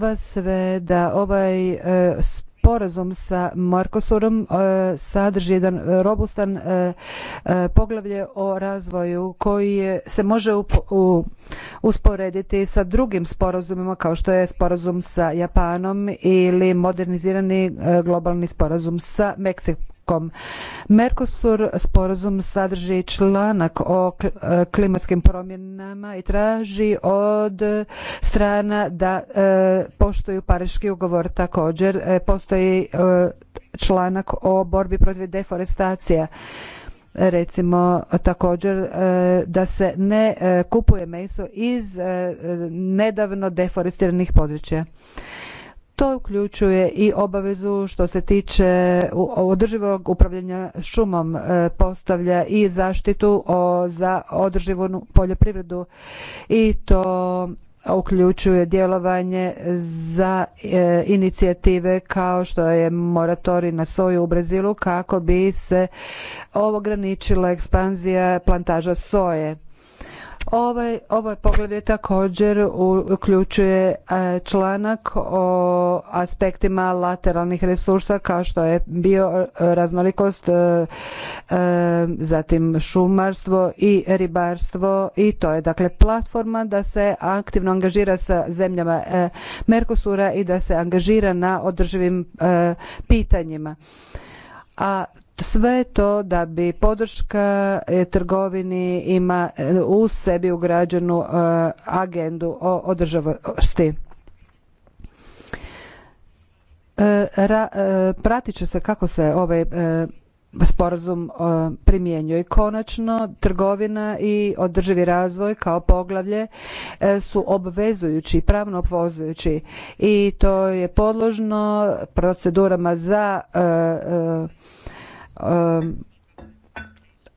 vas sve da ovaj e, sporazum sa Markosurom e, sadrži jedan robustan e, poglavlje o razvoju koji se može usporediti sa drugim sporazumima kao što je sporazum sa Japanom ili modernizirani globalni sporazum sa Meksikom Mercosur sporazum sadrži članak o e, klimatskim promjenama i traži od strana da e, poštuju Pariški ugovor također. E, postoji članak o borbi protiv deforestacija recimo također da se ne kupuje meso iz nedavno deforestiranih područja. To uključuje i obavezu što se tiče održivog upravljanja šumom, e, postavlja i zaštitu za održivu poljoprivredu i to uključuje djelovanje za e, inicijative kao što je moratorij na soju u Brazilu kako bi se ograničila ekspanzija plantaža soje. Ovaj, ovo poglavlje također uključuje e, članak o aspektima lateralnih resursa kao što je bio e, raznolikost, e, zatim šumarstvo i ribarstvo i to je dakle platforma da se aktivno angažira sa zemljama Merkosura i da se angažira na održivim pitanjima. A sve to da bi podrška e, trgovini ima e, u sebi ugrađenu e, agendu o održavosti. pratit će se kako se ovaj sporazum primjenjuje. Konačno, trgovina i održivi razvoj kao poglavlje su obvezujući, pravno obvezujući i to je podložno procedurama za um,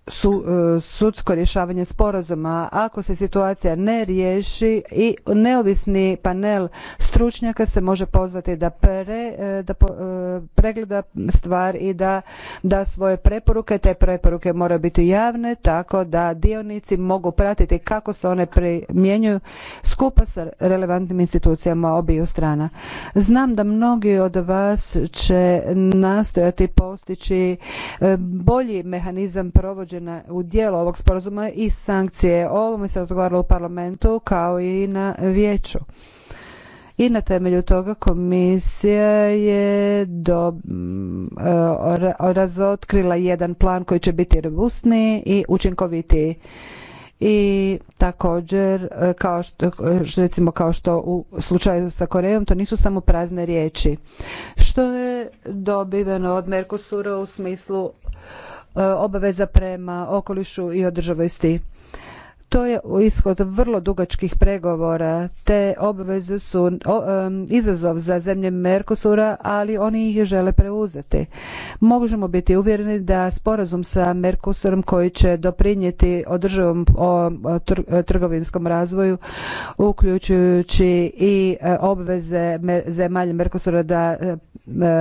su, e, sudsko rješavanje sporazuma. Ako se situacija ne riješi i neovisni panel stručnjaka se može pozvati da, e, da e, pregleda stvar i da, da svoje preporuke. Te preporuke moraju biti javne tako da dionici mogu pratiti kako se one primjenjuju skupa sa relevantnim institucijama obiju strana. Znam da mnogi od vas će nastojati postići bolji mehanizam provođenja u dijelo ovog sporazuma i sankcije. O ovome se razgovaralo u parlamentu kao i na vijeću. I na temelju toga komisija je do, mm, e, razotkrila jedan plan koji će biti robustniji i učinkovitiji i također e, kao što, e, recimo kao što u slučaju sa Korejom to nisu samo prazne riječi što je dobiveno od Merkosura u smislu obaveza prema okolišu i održivosti. To je ishod vrlo dugačkih pregovora. Te obveze su izazov za zemlje Merkosura, ali oni ih žele preuzeti. Možemo biti uvjereni da sporazum sa Merkosurom koji će doprinijeti o trgovinskom razvoju, uključujući i e, obveze zemalja Merkosura da e,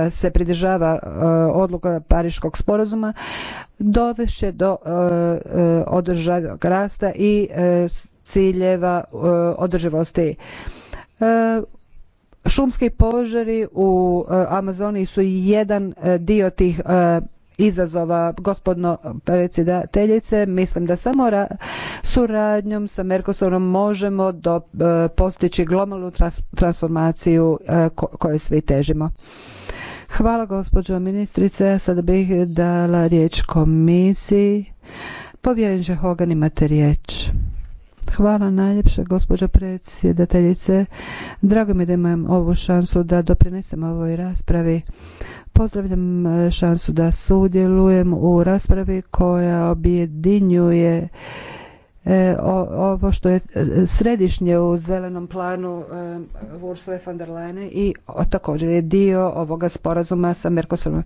se pridržava e, odluka Pariškog sporazuma, dovešće do e, e, održavog rasta i e, ciljeva održivosti. Šumski požari u Amazoniji su jedan dio tih izazova gospodno predsjedateljice mislim da samo suradnjom sa Mercosurom možemo do, postići globalnu transformaciju e, kojoj svi težimo Hvala gospođo ministrice. sad bih dala riječ komisiji. Povjereniče Hogan imate riječ. Hvala najljepše gospođo predsjedateljice. Drago mi da imam ovu šansu da doprinesem ovoj raspravi. Pozdravljam šansu da sudjelujem u raspravi koja objedinjuje E, ovo što je e, središnje u zelenom planu e, Ursula von der Leyen i također je dio ovoga sporazuma sa Mercosurom.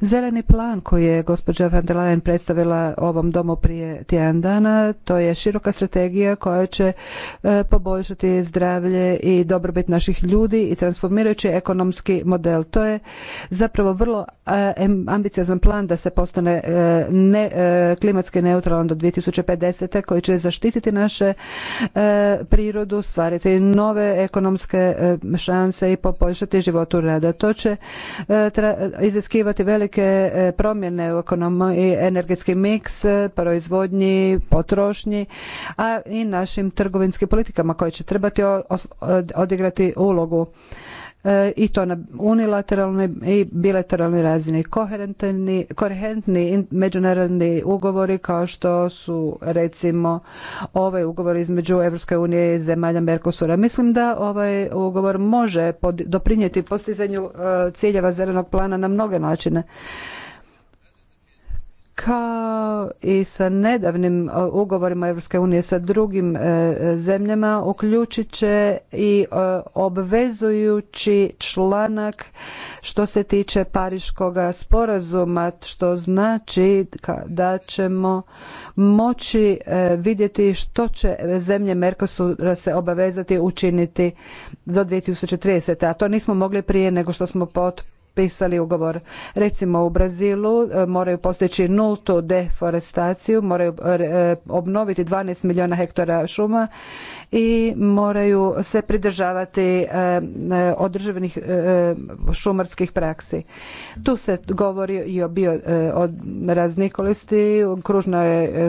Zeleni plan koji je gospođa von der Leyen predstavila ovom domu prije tjedan dana, to je široka strategija koja će poboljšati zdravlje i dobrobit naših ljudi i transformirajući ekonomski model. To je zapravo vrlo ambiciozan plan da se postane ne, klimatski neutralan do 2050. koji će zaštititi naše e, prirodu, stvariti nove ekonomske e, šanse i poboljšati životu rada. To će e, iziskivati velike promjene u ekonomiji, energetski miks, proizvodnji, potrošnji, a i našim trgovinskim politikama koje će trebati odigrati ulogu. E, i to na unilateralnoj i bilateralnoj razini. Koherentni, koherentni međunarodni ugovori kao što su recimo ovaj ugovor između Europske unije i zemalja Merkosura. Mislim da ovaj ugovor može pod, doprinijeti postizanju e, ciljeva zelenog plana na mnoge načine kao i sa nedavnim e, ugovorima Europske unije sa drugim e, zemljama uključit će i e, obvezujući članak što se tiče pariškoga sporazuma što znači da ćemo moći vidjeti što će zemlje Mercosura se obavezati učiniti do 2030. A to nismo mogli prije nego što smo potpuno pisali ugovor. Recimo u Brazilu e, moraju postići nultu deforestaciju, moraju e, e, obnoviti 12 milijuna hektara šuma i moraju se pridržavati e, e, održivnih e, šumarskih praksi. Tu se govori i o bio o raznikolisti,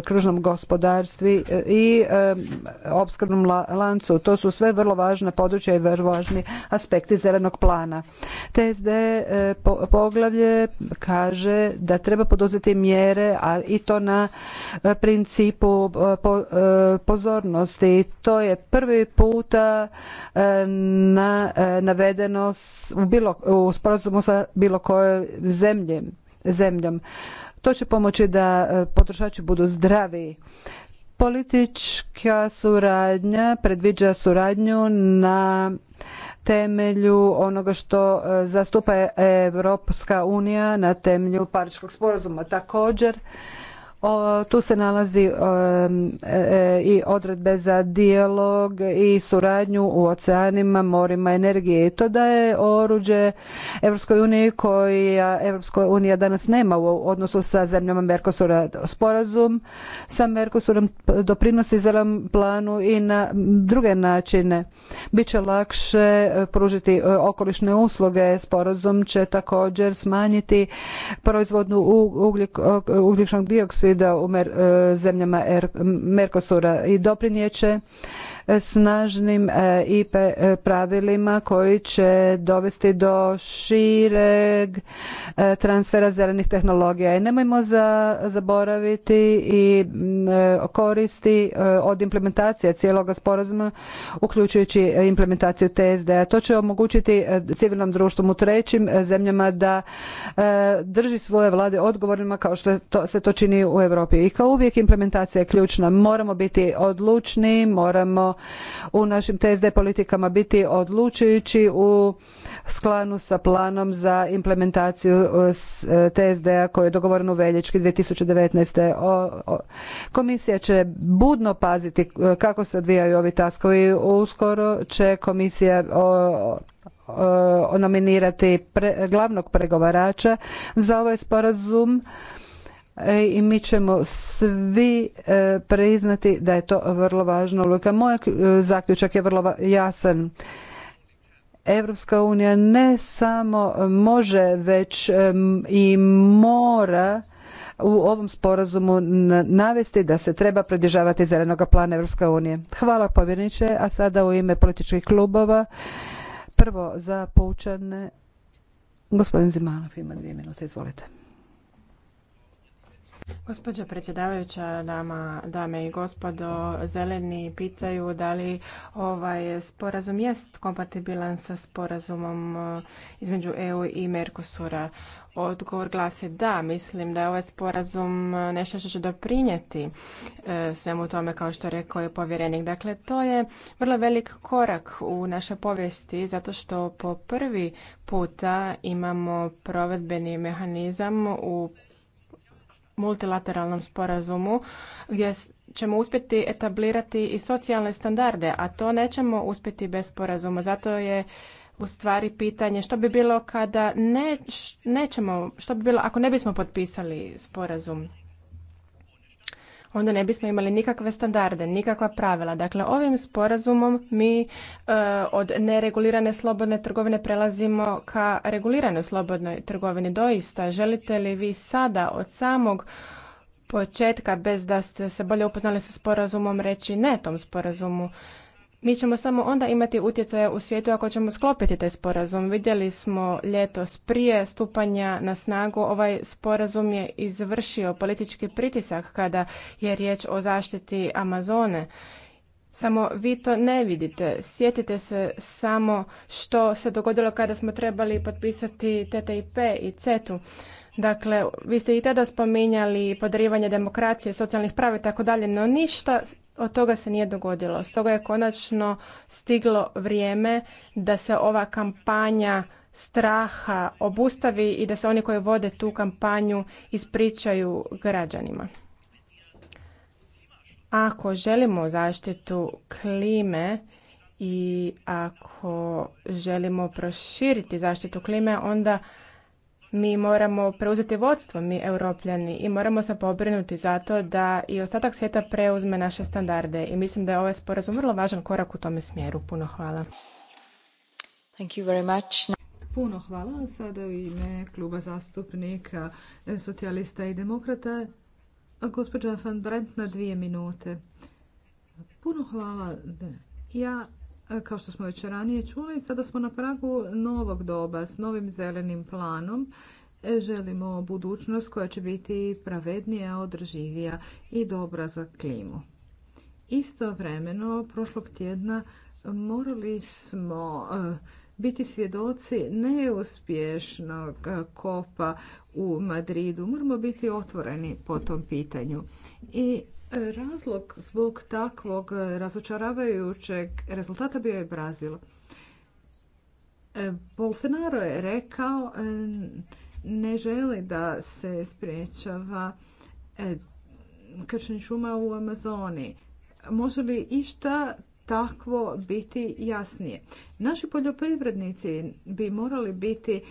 kružnom gospodarstvu i opskrbnom lancu. To su sve vrlo važna područja i vrlo važni aspekti zelenog plana. TSD poglavlje kaže da treba poduzeti mjere, a i to na principu pozornosti. To je je prvi puta e, na, e, navedeno u, bilo, u sporazumu sa bilo kojom zemlji, zemljom. To će pomoći da e, potrošači budu zdravi. Politička suradnja predviđa suradnju na temelju onoga što zastupa Europska unija na temelju Pariškog sporazuma. Također, tu se nalazi e, e, i odredbe za dijalog i suradnju u oceanima, morima, energije. I to da je oruđe EU uniji koja Evropska unija danas nema u odnosu sa zemljama Mercosura. Sporazum sa Merkosurom doprinosi zelenom planu i na druge načine. Biće lakše pružiti e, okolišne usluge. Sporazum će također smanjiti proizvodnu ugljik, ugljičnog dioksida da u e, zemljama er, Mercosura i i doprinijeće snažnim e, IP e, pravilima koji će dovesti do šireg e, transfera zelenih tehnologija. I nemojmo zaboraviti i koristi od implementacije cijelog sporazuma, uključujući implementaciju TSD-a. To će omogućiti civilnom društvu u trećim zemljama da drži svoje vlade odgovornima kao što se to čini u Europi. I kao uvijek implementacija je ključna. Moramo biti odlučni, moramo u našim TSD politikama biti odlučujući u sklanu sa planom za implementaciju e, e, TSD-a koji je dogovoren u Veljički 2019. Komisija će budno paziti e, kako se odvijaju ovi taskovi. Uskoro će komisija nominirati glavnog pregovarača za ovaj sporazum E, i mi ćemo svi e, priznati da je to vrlo važna uloga. Moj e, zaključak je vrlo jasan. Evropska unija ne samo može, već i mora u ovom sporazumu navesti da se treba pridržavati zelenog plana Europske unije. Hvala povjerniče, a sada u ime političkih klubova prvo za poučane gospodin Zimanov ima dvije minute, izvolite. Gospođo predsjedavajuća, dama, dame i gospodo, zeleni pitaju da li ovaj sporazum jest kompatibilan sa sporazumom eh, između EU i Mercosura. Odgovor glasi da, mislim da je ovaj sporazum eh, nešto što će doprinijeti eh, svemu tome kao što rekao je povjerenik. Dakle, to je vrlo velik korak u našoj povijesti zato što po prvi puta imamo provedbeni mehanizam u multilateralnom sporazumu gdje ćemo uspjeti etablirati i socijalne standarde, a to nećemo uspjeti bez sporazuma. Zato je u stvari pitanje što bi bilo kada ne, nećemo, što bi bilo ako ne bismo potpisali sporazum onda ne bismo imali nikakve standarde, nikakva pravila. Dakle, ovim sporazumom mi e, od neregulirane slobodne trgovine prelazimo ka reguliranoj slobodnoj trgovini. Doista, želite li vi sada od samog početka, bez da ste se bolje upoznali sa sporazumom, reći ne tom sporazumu? mi ćemo samo onda imati utjecaja u svijetu ako ćemo sklopiti taj sporazum. Vidjeli smo ljetos prije stupanja na snagu ovaj sporazum je izvršio politički pritisak kada je riječ o zaštiti Amazone. Samo vi to ne vidite. Sjetite se samo što se dogodilo kada smo trebali potpisati TTIP i CETU. Dakle, vi ste i tada spominjali podarivanje demokracije, socijalnih prava i tako dalje, no ništa od toga se nije dogodilo. Stoga je konačno stiglo vrijeme da se ova kampanja straha obustavi i da se oni koji vode tu kampanju ispričaju građanima. Ako želimo zaštitu klime i ako želimo proširiti zaštitu klime, onda mi moramo preuzeti vodstvo, mi europljani, i moramo se pobrinuti za to da i ostatak svijeta preuzme naše standarde. I mislim da je ovaj sporazum vrlo važan korak u tome smjeru. Puno hvala. Thank you very much. Puno hvala. Sada u ime kluba zastupnika socijalista i demokrata, gospođa Van Brent na dvije minute. Puno hvala. Ja kao što smo već ranije čuli, sada smo na pragu novog doba s novim zelenim planom. E, želimo budućnost koja će biti pravednija, održivija i dobra za klimu. Istovremeno, prošlog tjedna morali smo e, biti svjedoci neuspješnog e, kopa u Madridu. Moramo biti otvoreni po tom pitanju. I Razlog zbog takvog razočaravajućeg rezultata bio je Brazil. E, Bolsonaro je rekao e, ne želi da se spriječava e, kršenje šuma u Amazoni. Može li išta takvo biti jasnije? Naši poljoprivrednici bi morali biti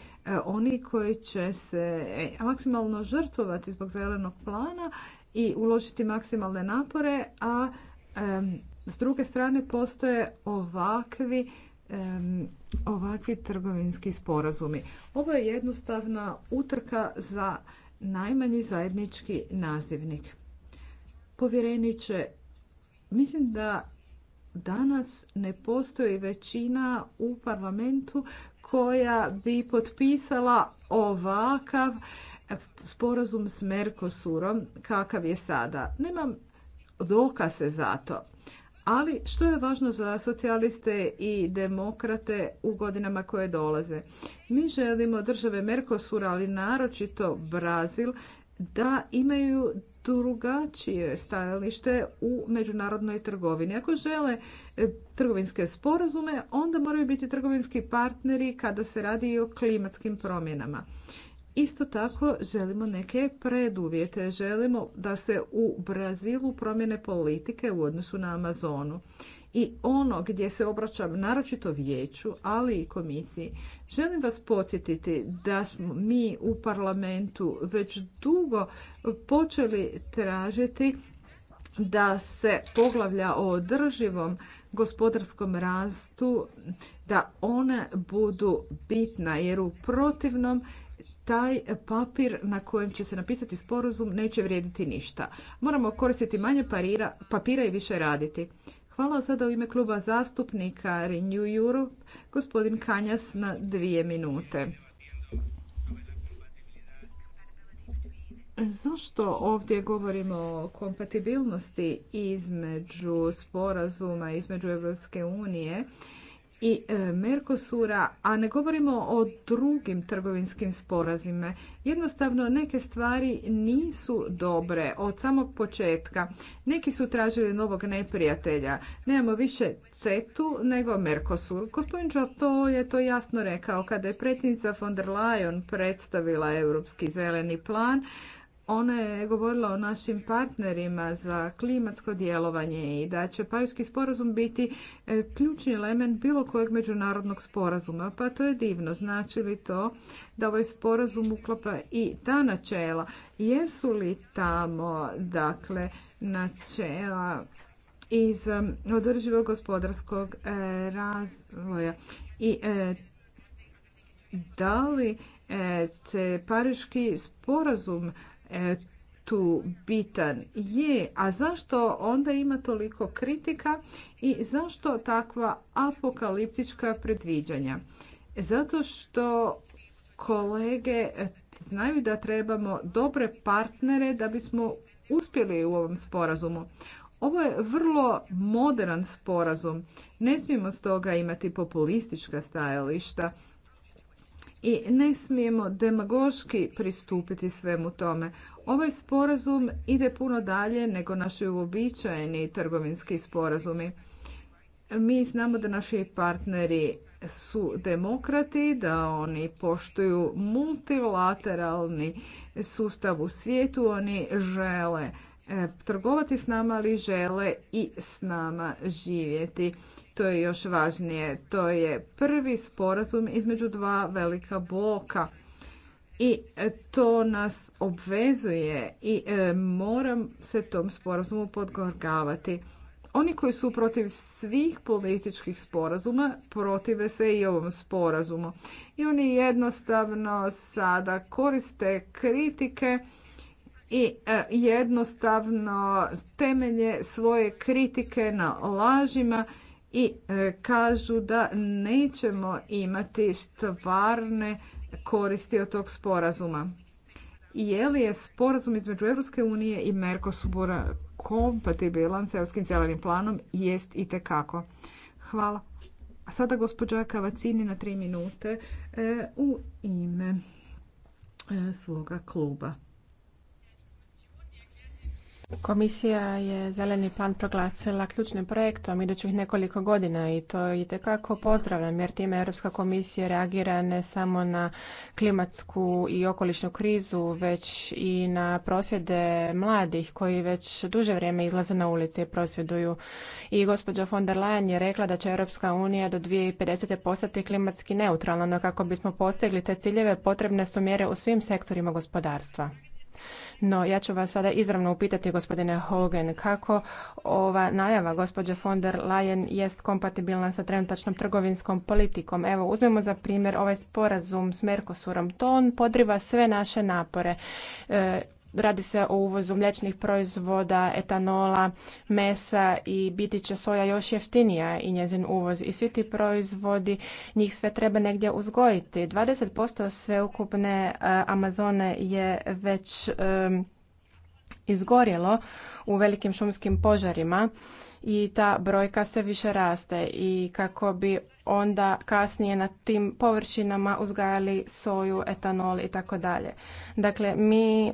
oni koji će se maksimalno žrtvovati zbog zelenog plana i uložiti maksimalne napore, a s druge strane postoje ovakvi ovakvi trgovinski sporazumi. Ovo je jednostavna utrka za najmanji zajednički nazivnik. Povjereniče, mislim da danas ne postoji većina u parlamentu koja bi potpisala ovakav sporazum s Mercosurom kakav je sada. Nemam dokaze za to. Ali što je važno za socijaliste i demokrate u godinama koje dolaze? Mi želimo države Mercosura, ali naročito Brazil, da imaju drugačije stajalište u međunarodnoj trgovini. Ako žele e, trgovinske sporazume, onda moraju biti trgovinski partneri kada se radi o klimatskim promjenama. Isto tako želimo neke preduvjete. Želimo da se u Brazilu promjene politike u odnosu na Amazonu. I ono gdje se obraćam naročito vijeću, ali i komisiji, želim vas podsjetiti da smo mi u parlamentu već dugo počeli tražiti da se poglavlja o održivom gospodarskom rastu, da one budu bitna jer u protivnom taj papir na kojem će se napisati sporazum neće vrijediti ništa. Moramo koristiti manje parira, papira i više raditi. Hvala sada u ime kluba zastupnika Renew Europe, gospodin Kanjas na dvije minute. Zašto ovdje govorimo o kompatibilnosti između sporazuma, između Europske unije i e, Mercosura, a ne govorimo o drugim trgovinskim sporazime. Jednostavno neke stvari nisu dobre od samog početka. Neki su tražili novog neprijatelja. Nemamo više CETU nego Mercosur. Gospodin to je to jasno rekao kada je predsjednica von der Leyen predstavila Europski zeleni plan ona je govorila o našim partnerima za klimatsko djelovanje i da će Pariški sporazum biti e, ključni element bilo kojeg međunarodnog sporazuma. Pa to je divno. Znači li to da ovaj sporazum uklapa i ta načela? Jesu li tamo dakle načela iz e, održivog gospodarskog e, razvoja i da li će Pariški sporazum E, tu bitan? Je, a zašto onda ima toliko kritika i zašto takva apokaliptička predviđanja? Zato što kolege znaju da trebamo dobre partnere da bismo uspjeli u ovom sporazumu. Ovo je vrlo modern sporazum. Ne smijemo stoga imati populistička stajališta i ne smijemo demagoški pristupiti svemu tome. Ovaj sporazum ide puno dalje nego naši uobičajeni trgovinski sporazumi. Mi znamo da naši partneri su demokrati, da oni poštuju multilateralni sustav u svijetu, oni žele E, trgovati s nama, ali žele i s nama živjeti. To je još važnije. To je prvi sporazum između dva velika bloka. I e, to nas obvezuje i e, moram se tom sporazumu podgorgavati. Oni koji su protiv svih političkih sporazuma protive se i ovom sporazumu. I oni jednostavno sada koriste kritike i e, jednostavno temelje svoje kritike na lažima i e, kažu da nećemo imati stvarne koristi od tog sporazuma. Je li je sporazum između Europske unije i Mercosura kompatibilan s Europskim zelenim planom? Jest i tekako. Hvala. A sada gospođa Kavacini na tri minute e, u ime svoga kluba. Komisija je zeleni plan proglasila ključnim projektom idućih nekoliko godina i to itekako pozdravljam jer time Europska komisija reagira ne samo na klimatsku i okolišnu krizu već i na prosvjede mladih koji već duže vrijeme izlaze na ulice i prosvjeduju. I gospođa von der Leyen je rekla da će Europska unija do 2050. postati klimatski neutralna, no kako bismo postigli te ciljeve potrebne su mjere u svim sektorima gospodarstva. No, ja ću vas sada izravno upitati, gospodine Hogan, kako ova najava gospođe von der Leyen jest kompatibilna sa trenutačnom trgovinskom politikom. Evo, uzmemo za primjer ovaj sporazum s Mercosurom. To on podriva sve naše napore. E, Radi se o uvozu mliječnih proizvoda, etanola, mesa i biti će soja još jeftinija i njezin uvoz. I svi ti proizvodi, njih sve treba negdje uzgojiti. 20% sveukupne e, Amazone je već e, izgorjelo u velikim šumskim požarima i ta brojka se više raste i kako bi onda kasnije na tim površinama uzgajali soju, etanol i tako dalje. Dakle, mi e,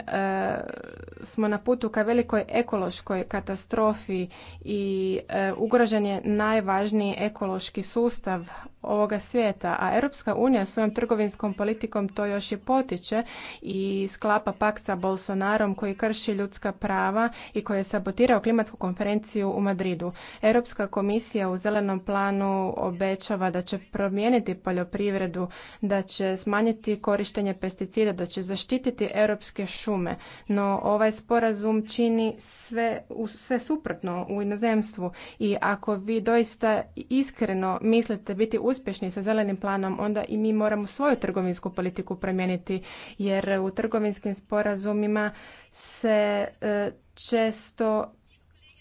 smo na putu ka velikoj ekološkoj katastrofi i e, ugrožen je najvažniji ekološki sustav ovoga svijeta, a Europska unija svojom trgovinskom politikom to još i potiče i sklapa pakt sa Bolsonarom koji krši ljudska prava i koji je sabotirao klimatsku konferenciju u Madridu. Europska komisija u zelenom planu obećava da će promijeniti poljoprivredu, da će smanjiti korištenje pesticida, da će zaštititi europske šume. No ovaj sporazum čini sve, sve suprotno u inozemstvu i ako vi doista iskreno mislite biti uspješni sa zelenim planom, onda i mi moramo svoju trgovinsku politiku promijeniti jer u trgovinskim sporazumima se e, često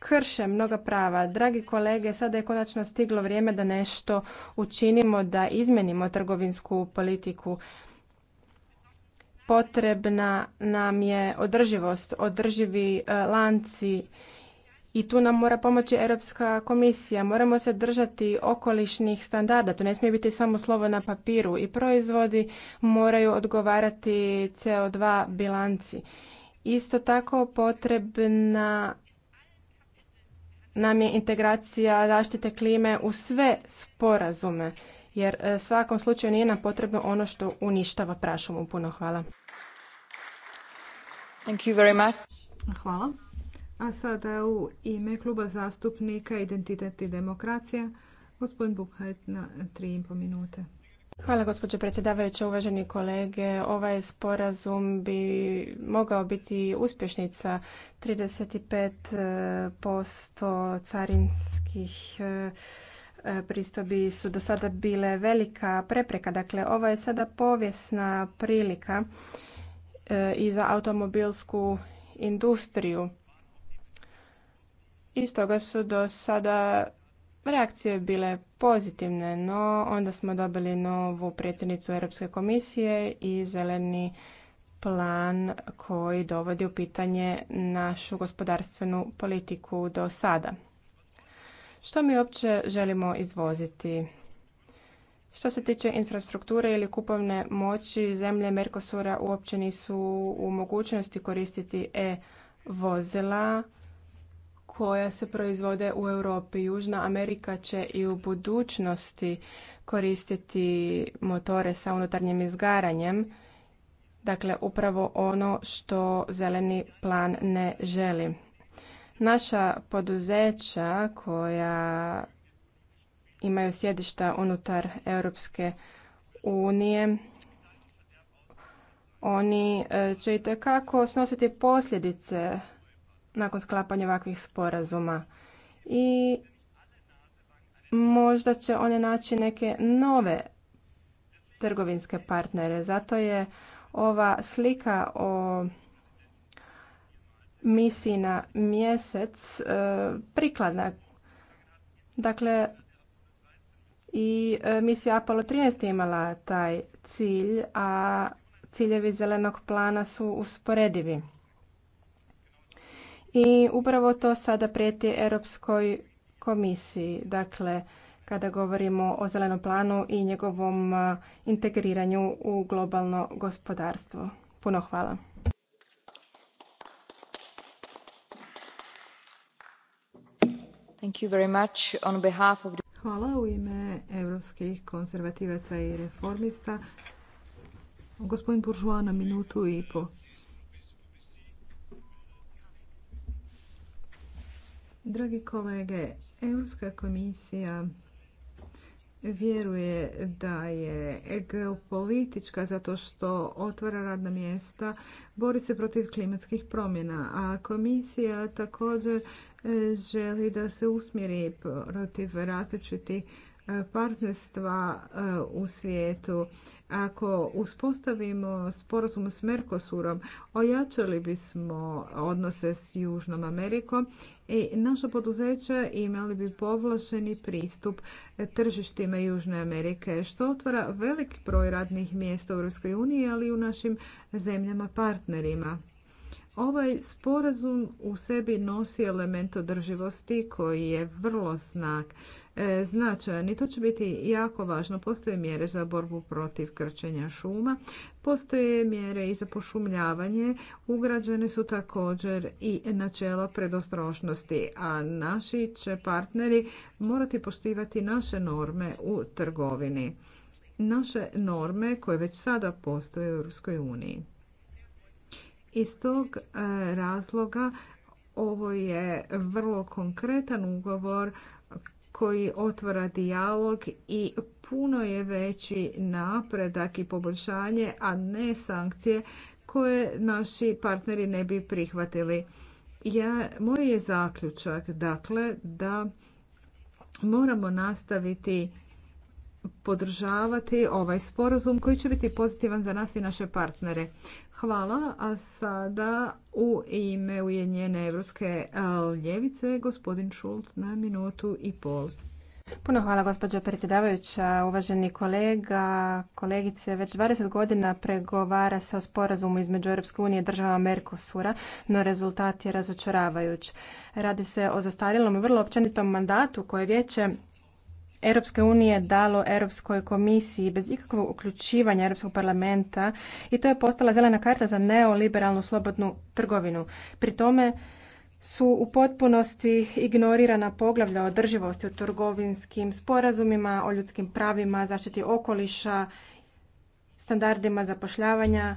krše mnoga prava. Dragi kolege, sada je konačno stiglo vrijeme da nešto učinimo, da izmenimo trgovinsku politiku. Potrebna nam je održivost, održivi e, lanci i tu nam mora pomoći Europska komisija. Moramo se držati okolišnih standarda. To ne smije biti samo slovo na papiru i proizvodi moraju odgovarati CO2 bilanci. Isto tako potrebna nam je integracija zaštite klime u sve sporazume, jer e, svakom slučaju nije nam potrebno ono što uništava prašumu. Puno hvala. Thank you very much. Hvala. A sada u ime kluba zastupnika Identitet i demokracija, gospodin Bukhajt na 3,5 minute. Hvala gospođo predsjedavajuća, uvaženi kolege. Ovaj sporazum bi mogao biti uspješnica 35% carinskih e, pristobi su do sada bile velika prepreka. Dakle, ovo je sada povijesna prilika e, i za automobilsku industriju. Iz toga su do sada Reakcije bile pozitivne, no onda smo dobili novu predsjednicu Europske komisije i zeleni plan koji dovodi u pitanje našu gospodarstvenu politiku do sada. Što mi uopće želimo izvoziti? Što se tiče infrastrukture ili kupovne moći, zemlje Mercosura uopće nisu u mogućnosti koristiti e-vozila koja se proizvode u Europi. Južna Amerika će i u budućnosti koristiti motore sa unutarnjim izgaranjem. Dakle, upravo ono što zeleni plan ne želi. Naša poduzeća koja imaju sjedišta unutar Europske unije, oni e, će i snositi posljedice nakon sklapanja ovakvih sporazuma. I možda će one naći neke nove trgovinske partnere. Zato je ova slika o misiji na mjesec e, prikladna. Dakle, i e, misija Apollo 13 je imala taj cilj, a ciljevi zelenog plana su usporedivi i upravo to sada prijeti Europskoj komisiji. Dakle, kada govorimo o zelenom planu i njegovom integriranju u globalno gospodarstvo. Puno hvala. Hvala u ime evropskih konzervativaca i reformista. Gospodin Buržuana, minutu i po. Dragi kolege, Europska komisija vjeruje da je geopolitička zato što otvara radna mjesta, bori se protiv klimatskih promjena, a komisija također e, želi da se usmjeri protiv različitih partnerstva e, u svijetu. Ako uspostavimo sporazum s Mercosurom, ojačali bismo odnose s Južnom Amerikom i naša poduzeća imali bi povlašeni pristup tržištima Južne Amerike, što otvara velik broj radnih mjesta u EU, ali i u našim zemljama partnerima. Ovaj sporazum u sebi nosi element održivosti koji je vrlo znak, e, značajan i to će biti jako važno. Postoje mjere za borbu protiv krčenja šuma, postoje mjere i za pošumljavanje, ugrađene su također i načela predostrošnosti, a naši će partneri morati poštivati naše norme u trgovini. Naše norme koje već sada postoje u Europskoj uniji. Iz tog e, razloga ovo je vrlo konkretan ugovor koji otvara dijalog i puno je veći napredak i poboljšanje, a ne sankcije koje naši partneri ne bi prihvatili. Ja, moj je zaključak dakle da moramo nastaviti podržavati ovaj sporazum koji će biti pozitivan za nas i naše partnere. Hvala, a sada u ime Ujedinjene evropske ljevice gospodin Šulc na minutu i pol. Puno hvala gospođo predsjedavajuća, uvaženi kolega, kolegice. Već 20 godina pregovara se o sporazumu između Europske unije i država Mercosura, no rezultat je razočaravajuć. Radi se o zastarjelom i vrlo općenitom mandatu koje vijeće Europske unije dalo Europskoj komisiji bez ikakvog uključivanja Europskog parlamenta i to je postala zelena karta za neoliberalnu slobodnu trgovinu. Pri tome su u potpunosti ignorirana poglavlja održivosti u trgovinskim sporazumima, o ljudskim pravima, zaštiti okoliša, standardima zapošljavanja,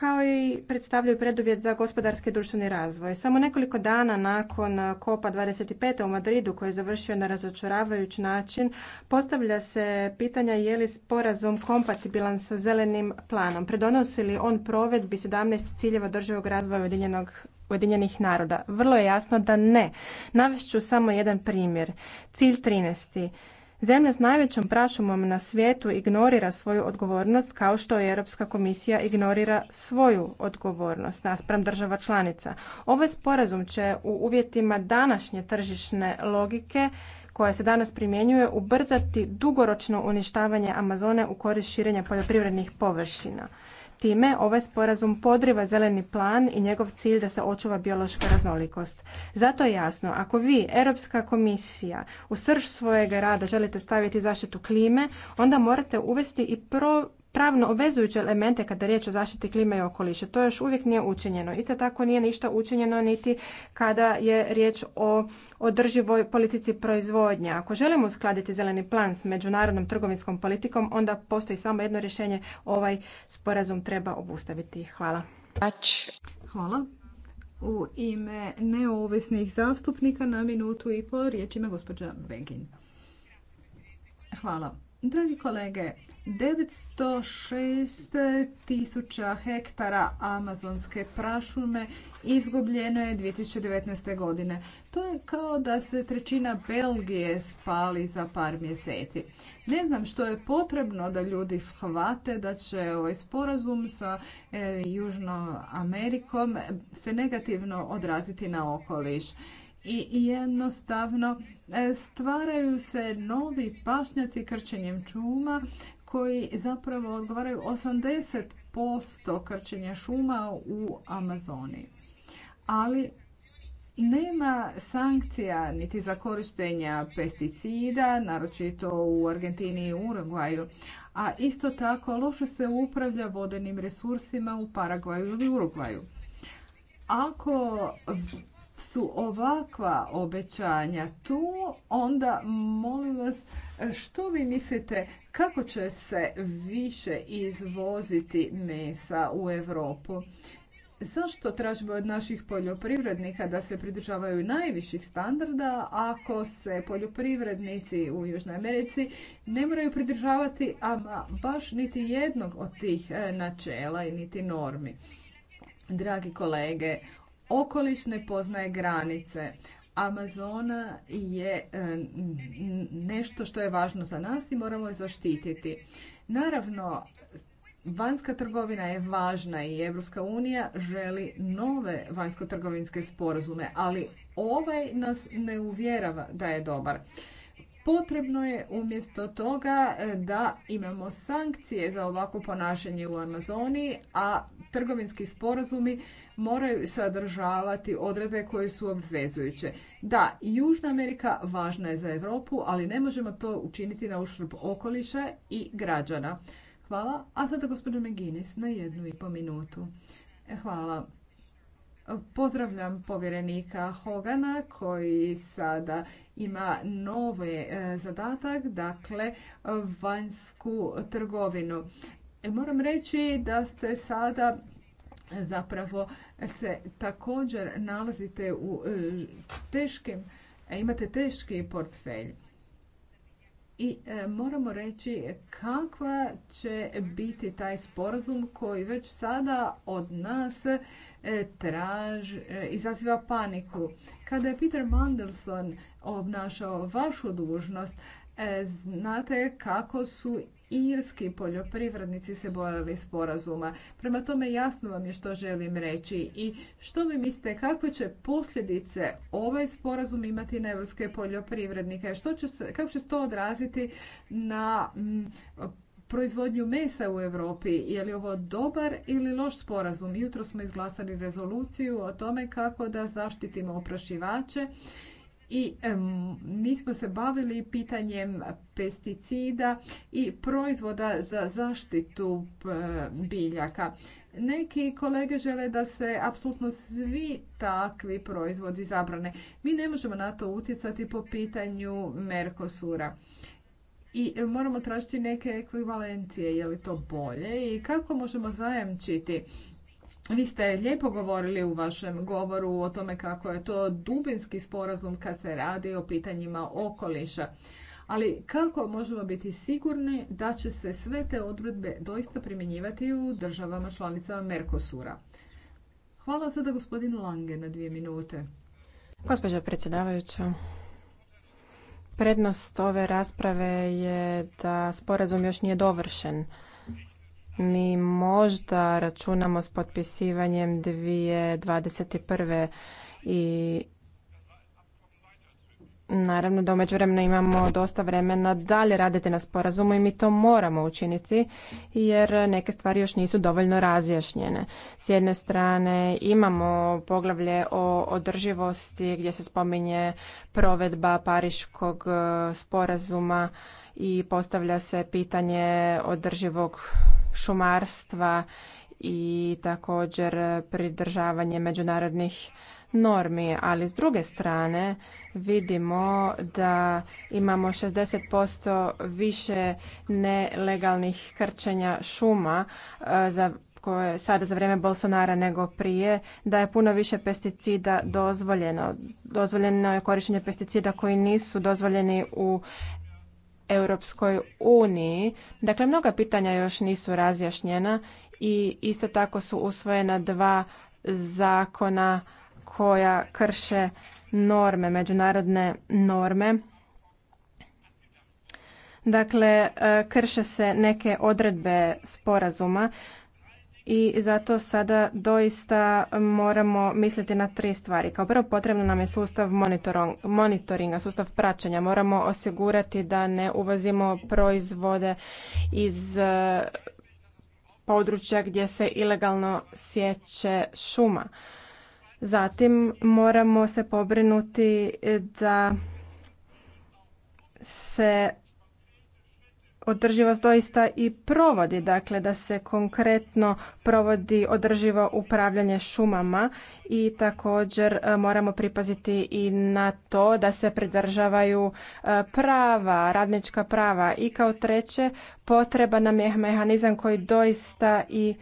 kao i predstavljaju preduvjet za gospodarski društveni razvoj. Samo nekoliko dana nakon Kopa 25. u Madridu, koji je završio na razočaravajući način, postavlja se pitanja je li sporazum kompatibilan sa zelenim planom. Predonosi li on provedbi 17 ciljeva državog razvoja Ujedinjenog Ujedinjenih naroda? Vrlo je jasno da ne. Navešću samo jedan primjer. Cilj 13 Zemlja s najvećom prašumom na svijetu ignorira svoju odgovornost kao što Europska komisija ignorira svoju odgovornost naspram država članica. Ovaj sporazum će u uvjetima današnje tržišne logike koja se danas primjenjuje ubrzati dugoročno uništavanje Amazone u korist širenja poljoprivrednih površina. Time ovaj sporazum podriva zeleni plan i njegov cilj da se očuva biološka raznolikost. Zato je jasno, ako vi, Europska komisija, u srž svojega rada želite staviti zaštitu klime, onda morate uvesti i pro pravno obvezujuće elemente kada je riječ o zaštiti klime i okoliša. To još uvijek nije učinjeno. Isto tako nije ništa učinjeno niti kada je riječ o održivoj politici proizvodnje. Ako želimo uskladiti zeleni plan s međunarodnom trgovinskom politikom, onda postoji samo jedno rješenje. Ovaj sporazum treba obustaviti. Hvala. Hvala. U ime neovisnih zastupnika na minutu i pol riječ ima gospođa Begin. Hvala. Dragi kolege, 906 tisuća hektara amazonske prašume izgubljeno je 2019. godine. To je kao da se trećina Belgije spali za par mjeseci. Ne znam što je potrebno da ljudi shvate da će ovaj sporazum sa e, Južnom Amerikom se negativno odraziti na okoliš i jednostavno e, stvaraju se novi pašnjaci krčenjem šuma koji zapravo odgovaraju 80% krčenja šuma u Amazoni. Ali nema sankcija niti za korištenja pesticida, naročito u Argentini i Urugvaju, a isto tako loše se upravlja vodenim resursima u Paragvaju ili Urugvaju. Ako su ovakva obećanja tu, onda molim vas što vi mislite kako će se više izvoziti mesa u Europu? Zašto tražimo od naših poljoprivrednika da se pridržavaju najviših standarda ako se poljoprivrednici u Južnoj Americi ne moraju pridržavati ama baš niti jednog od tih e, načela i niti normi? Dragi kolege, Okoliš ne poznaje granice. Amazona je e, nešto što je važno za nas i moramo je zaštititi. Naravno, vanjska trgovina je važna i Europska unija želi nove vanjsko-trgovinske sporazume, ali ovaj nas ne uvjerava da je dobar. Potrebno je umjesto toga e, da imamo sankcije za ovakvo ponašanje u Amazoni, a trgovinski sporazumi moraju sadržavati odredbe koje su obvezujuće. Da, Južna Amerika važna je za Europu, ali ne možemo to učiniti na uštrb okoliša i građana. Hvala. A sada gospođo Meginis na jednu i po minutu. E, hvala. Pozdravljam povjerenika Hogana koji sada ima nove e, zadatak, dakle vanjsku trgovinu. Moram reći da ste sada e, zapravo se također nalazite u e, teškim, imate teški portfelj i e, moramo reći kakva će biti taj sporazum koji već sada od nas e, traži, e, izaziva paniku. Kada je Peter Mandelson obnašao vašu dužnost, znate kako su irski poljoprivrednici se bojali sporazuma. Prema tome jasno vam je što želim reći i što vi mislite kakve će posljedice ovaj sporazum imati na evropske poljoprivrednike? kako će se to odraziti na mm, proizvodnju mesa u Europi? Je li ovo dobar ili loš sporazum? Jutro smo izglasali rezoluciju o tome kako da zaštitimo oprašivače i mi smo se bavili pitanjem pesticida i proizvoda za zaštitu biljaka. Neki kolege žele da se apsolutno svi takvi proizvodi zabrane. Mi ne možemo na to utjecati po pitanju Merkosura. I moramo tražiti neke ekvivalencije, je li to bolje i kako možemo zajamčiti vi ste lijepo govorili u vašem govoru o tome kako je to dubinski sporazum kad se radi o pitanjima okoliša. Ali kako možemo biti sigurni da će se sve te odredbe doista primjenjivati u državama članicama Merkosura? Hvala sada gospodin Lange na dvije minute. Gospođo predsjedavajuća, prednost ove rasprave je da sporazum još nije dovršen. Mi možda računamo s potpisivanjem 2021. i Naravno da u međuvremenu imamo dosta vremena dalje raditi na sporazumu i mi to moramo učiniti jer neke stvari još nisu dovoljno razjašnjene. S jedne strane imamo poglavlje o održivosti gdje se spominje provedba pariškog eh, sporazuma i postavlja se pitanje održivog šumarstva i također pridržavanje međunarodnih normi, ali s druge strane vidimo da imamo 60% više nelegalnih krčenja šuma e, za koje sada za vrijeme Bolsonara nego prije, da je puno više pesticida dozvoljeno. Dozvoljeno je korištenje pesticida koji nisu dozvoljeni u Europskoj uniji. Dakle, mnoga pitanja još nisu razjašnjena i isto tako su usvojena dva zakona koja krše norme, međunarodne norme. Dakle, e, krše se neke odredbe sporazuma i zato sada doista moramo misliti na tri stvari. Kao prvo potrebno nam je sustav monitoringa, sustav praćenja. Moramo osigurati da ne uvozimo proizvode iz e, područja gdje se ilegalno sjeće šuma. Zatim moramo se pobrinuti da se održivost doista i provodi, dakle da se konkretno provodi održivo upravljanje šumama i također e, moramo pripaziti i na to da se pridržavaju e, prava, radnička prava i kao treće potreba nam je mehanizam koji doista i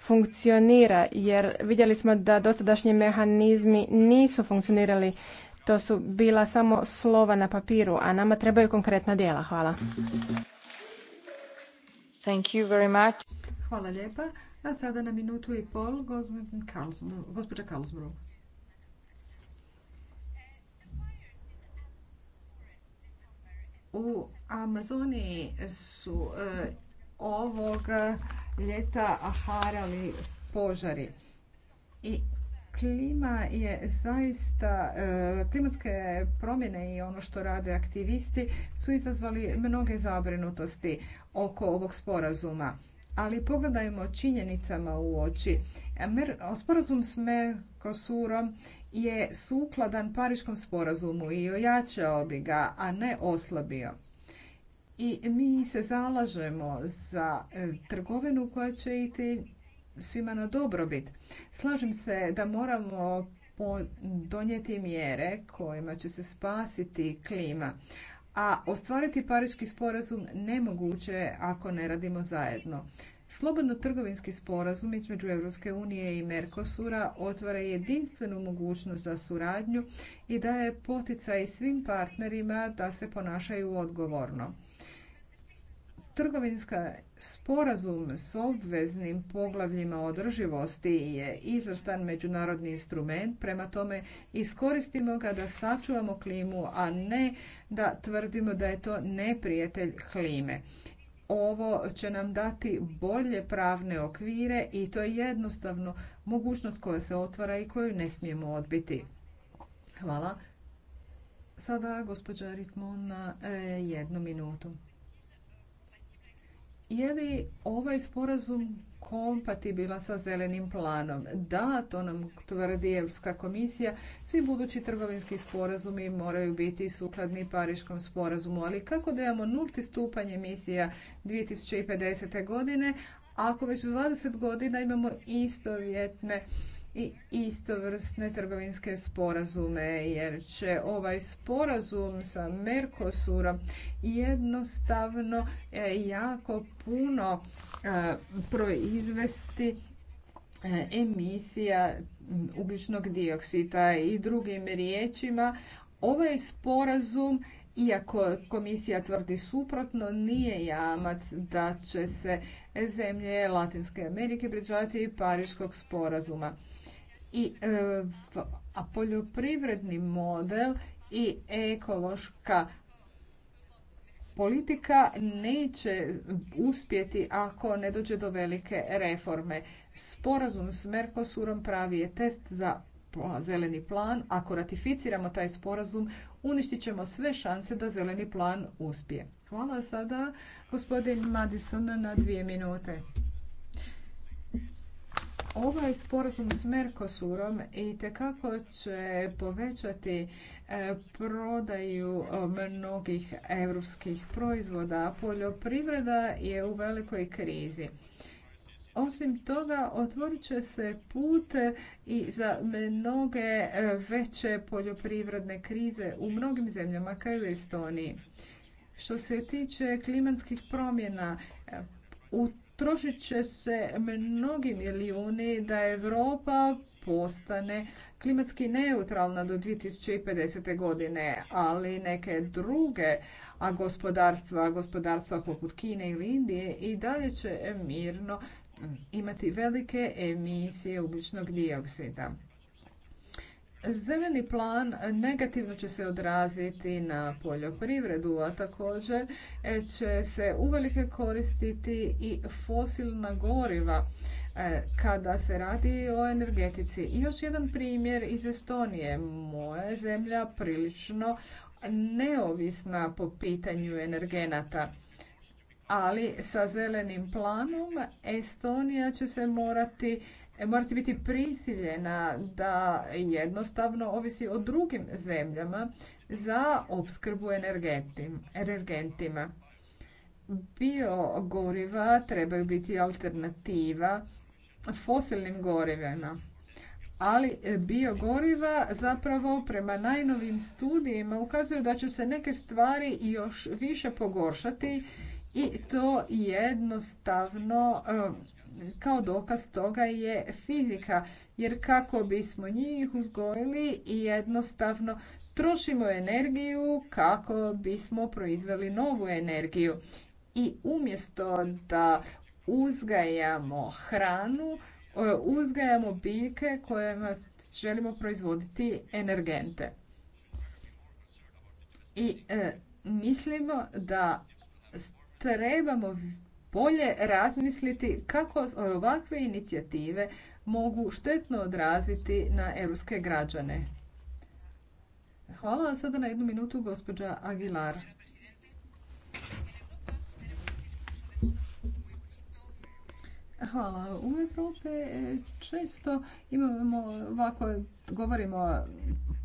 funkcionira jer vidjeli smo da dosadašnji mehanizmi nisu funkcionirali to su bila samo slova na papiru, a nama trebaju konkretna djela. Hvala. Thank you very much. Hvala lijepa. A sada na minutu i pol gospođa Kalsbro. U Amazoniji su e, ovog ljeta harali požari i Klima je zaista, e, klimatske promjene i ono što rade aktivisti su izazvali mnoge zabrinutosti oko ovog sporazuma. Ali pogledajmo činjenicama u oči. Sporazum s Mercosurom je sukladan Pariškom sporazumu i ojačao bi ga, a ne oslabio. I mi se zalažemo za trgovinu koja će iti svima na dobrobit. Slažem se da moramo donijeti mjere kojima će se spasiti klima, a ostvariti pariški sporazum nemoguće ako ne radimo zajedno. Slobodno trgovinski sporazum između Europske unije i Mercosura otvara jedinstvenu mogućnost za suradnju i daje poticaj svim partnerima da se ponašaju odgovorno. Trgovinska sporazum s obveznim poglavljima održivosti je izvrstan međunarodni instrument, prema tome iskoristimo ga da sačuvamo klimu, a ne da tvrdimo da je to neprijatelj klime. Ovo će nam dati bolje pravne okvire i to je jednostavno mogućnost koja se otvara i koju ne smijemo odbiti. Hvala. Sada gospođa Ritmo na e, jednu minutu. Je li ovaj sporazum kompatibilan sa zelenim planom? Da, to nam tvrdi Europska komisija. Svi budući trgovinski sporazumi moraju biti sukladni Pariškom sporazumu, ali kako da imamo nulti stupanj emisija 2050. godine, ako već 20 godina imamo istovjetne i istovrsne trgovinske sporazume jer će ovaj sporazum sa Mercosurom jednostavno e, jako puno e, proizvesti e, emisija ugljičnog dioksida i drugim riječima ovaj sporazum iako komisija tvrdi suprotno, nije jamac da će se zemlje Latinske Amerike pridržavati Pariškog sporazuma i e, a poljoprivredni model i ekološka politika neće uspjeti ako ne dođe do velike reforme. Sporazum s Mercosurom pravi je test za zeleni plan. Ako ratificiramo taj sporazum, uništit ćemo sve šanse da zeleni plan uspije. Hvala sada gospodin Madison na dvije minute. Ovaj sporazum s Mercosurom i tekako će povećati e, prodaju e, mnogih europskih proizvoda. Poljoprivreda je u velikoj krizi. Osim toga, otvorit će se put i za mnoge e, veće poljoprivredne krize u mnogim zemljama, kao i u Estoniji. Što se tiče klimatskih promjena, u trošit će se mnogi milijuni da Europa postane klimatski neutralna do 2050. godine, ali neke druge a gospodarstva, gospodarstva poput Kine ili Indije i dalje će mirno imati velike emisije ugljičnog dioksida. Zeleni plan negativno će se odraziti na poljoprivredu, a također e, će se uvelike koristiti i fosilna goriva e, kada se radi o energetici. još jedan primjer iz Estonije. Moja zemlja prilično neovisna po pitanju energenata. Ali sa zelenim planom Estonija će se morati E, morate biti prisiljena da jednostavno ovisi o drugim zemljama za opskrbu energentima. Biogoriva trebaju biti alternativa fosilnim gorivima. Ali biogoriva zapravo prema najnovim studijima ukazuju da će se neke stvari još više pogoršati i to jednostavno kao dokaz toga je fizika, jer kako bismo njih uzgojili i jednostavno trošimo energiju kako bismo proizveli novu energiju. I umjesto da uzgajamo hranu, e, uzgajamo biljke kojima želimo proizvoditi energente. I e, mislimo da trebamo bolje razmisliti kako ovakve inicijative mogu štetno odraziti na europske građane. Hvala vam sada na jednu minutu, gospođa Aguilar. Hvala. U Europi eh, često imamo ovako, govorimo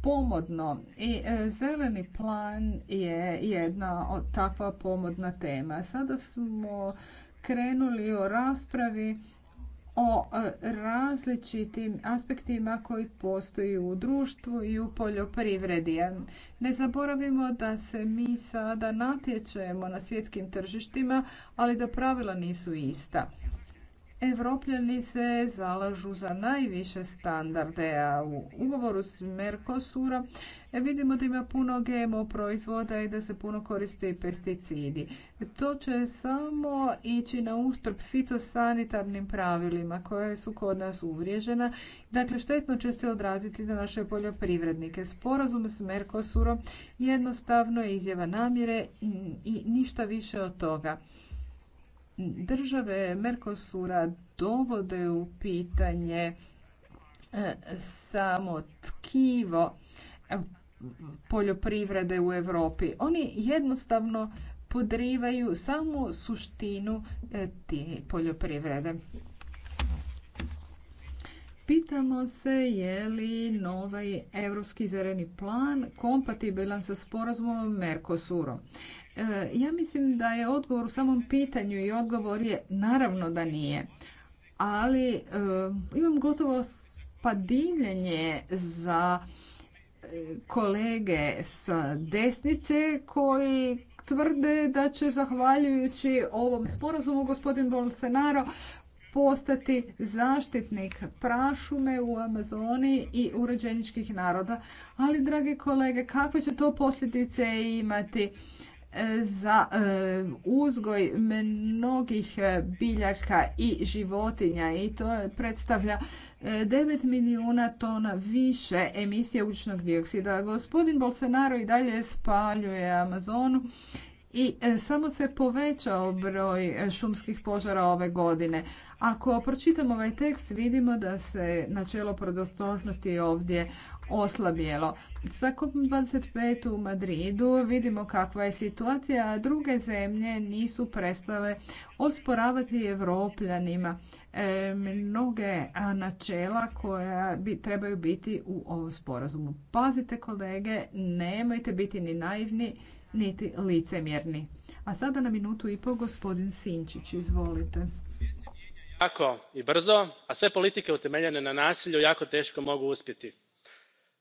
pomodno i e, zeleni plan je jedna od takva pomodna tema. Sada smo krenuli o raspravi o e, različitim aspektima koji postoji u društvu i u poljoprivredi. Ne zaboravimo da se mi sada natječemo na svjetskim tržištima, ali da pravila nisu ista. Evropljani se zalažu za najviše standarde, a u ugovoru s Mercosurom e, vidimo da ima puno GMO proizvoda i da se puno koriste i pesticidi. To će samo ići na uštrb fitosanitarnim pravilima koje su kod nas uvriježena. Dakle, štetno će se odraziti na naše poljoprivrednike. Sporazum s Mercosurom jednostavno je izjava namjere i ništa više od toga države Mercosura dovode u pitanje e, samo tkivo e, poljoprivrede u Europi. Oni jednostavno podrivaju samu suštinu e, te poljoprivrede. Pitamo se je li novaj europski zeleni plan kompatibilan sa sporazumom Mercosurom. E, ja mislim da je odgovor u samom pitanju i odgovor je naravno da nije. Ali e, imam gotovo spadimljenje za e, kolege s desnice koji tvrde da će zahvaljujući ovom sporazumu gospodin Bolsonaro postati zaštitnik prašume u Amazoni i uređeničkih naroda. Ali, dragi kolege, kakve će to posljedice imati za e, uzgoj mnogih e, biljaka i životinja i to predstavlja 9 e, milijuna tona više emisije ugljičnog dioksida. Gospodin Bolsonaro i dalje spaljuje Amazonu i samo se povećao broj šumskih požara ove godine. Ako pročitamo ovaj tekst vidimo da se načelo predostožnosti ovdje oslabjelo. Za COP25 u Madridu vidimo kakva je situacija, a druge zemlje nisu prestale osporavati evropljanima e, mnoge načela koja bi, trebaju biti u ovom sporazumu. Pazite kolege, nemojte biti ni naivni, niti licemjerni. A sada na minutu i pol gospodin Sinčić, izvolite. Jako i brzo, a sve politike utemeljene na nasilju jako teško mogu uspjeti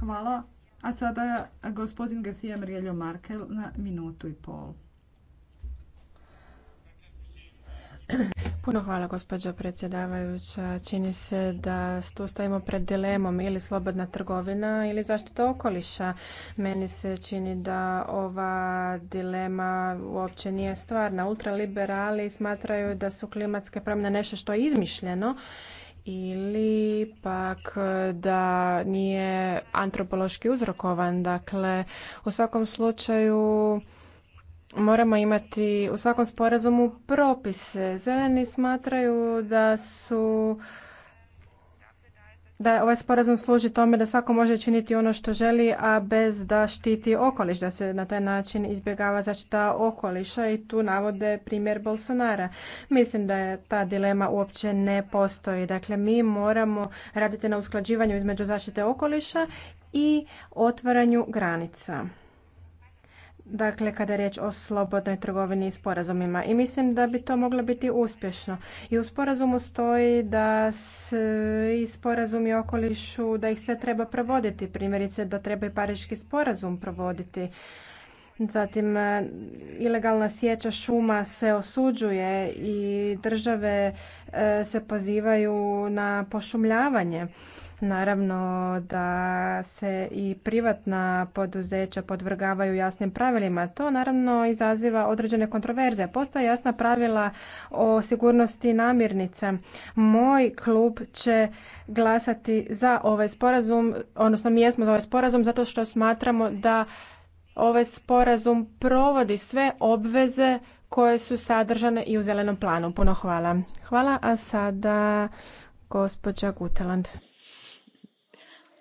Hvala. A sada gospodin Garcia Mrijeljo Markel na minutu i pol. Puno hvala gospođo predsjedavajuća. Čini se da tu stojimo pred dilemom ili slobodna trgovina ili zaštita okoliša. Meni se čini da ova dilema uopće nije stvarna. Ultraliberali smatraju da su klimatske promjene nešto što je izmišljeno ili pak da nije antropološki uzrokovan. Dakle, u svakom slučaju moramo imati u svakom sporazumu propise. Zeleni smatraju da su da ovaj sporazum služi tome da svako može činiti ono što želi, a bez da štiti okoliš, da se na taj način izbjegava zaštita okoliša i tu navode primjer Bolsonara. Mislim da je ta dilema uopće ne postoji. Dakle, mi moramo raditi na usklađivanju između zaštite okoliša i otvaranju granica. Dakle, kada je riječ o slobodnoj trgovini i sporazumima. I mislim da bi to moglo biti uspješno. I u sporazumu stoji da i sporazumi okolišu, da ih sve treba provoditi. Primjerice da treba i pariški sporazum provoditi. Zatim, e, ilegalna sjeća šuma se osuđuje i države e, se pozivaju na pošumljavanje. Naravno da se i privatna poduzeća podvrgavaju jasnim pravilima. To naravno izaziva određene kontroverze. Postoje jasna pravila o sigurnosti namirnica. Moj klub će glasati za ovaj sporazum, odnosno mi jesmo za ovaj sporazum zato što smatramo da ovaj sporazum provodi sve obveze koje su sadržane i u zelenom planu. Puno hvala. Hvala, a sada gospođa Guteland.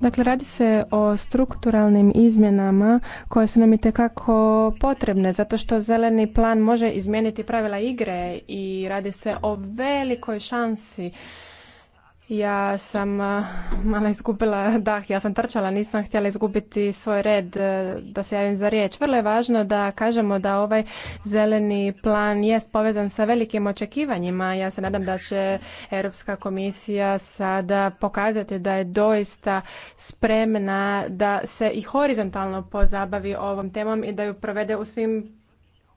Dakle, radi se o strukturalnim izmjenama koje su nam i tekako potrebne, zato što zeleni plan može izmijeniti pravila igre i radi se o velikoj šansi ja sam eh, mala izgubila dah, ja sam trčala, nisam htjela izgubiti svoj red eh, da se javim za riječ. Vrlo je važno da kažemo da ovaj zeleni plan jest povezan sa velikim očekivanjima. Ja se nadam da će Europska komisija sada pokazati da je doista spremna da se i horizontalno pozabavi ovom temom i da ju provede u svim